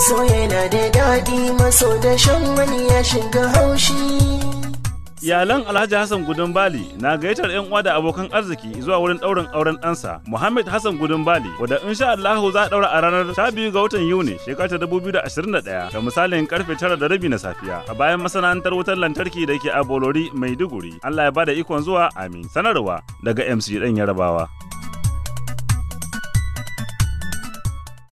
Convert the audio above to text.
so yana da daɗi maso da shan wani ya shiga haushi Iyalan Alhaji Hassan Gudun Bali na gayyatar 'yan uwa da abokan arziki zuwa wurin ɗaurin auren ɗansa Muhammad Hassan Gudun Bali in sha Allahu za a ɗaura a ranar 12 ga watan Yuni shekarar 2021 da misalin karfe tara da rabi na safiya a bayan masana'antar wutar lantarki da ke a Bolori Maiduguri. Allah ya bada ikon zuwa amin. Sanarwa daga MC ɗan Yarabawa.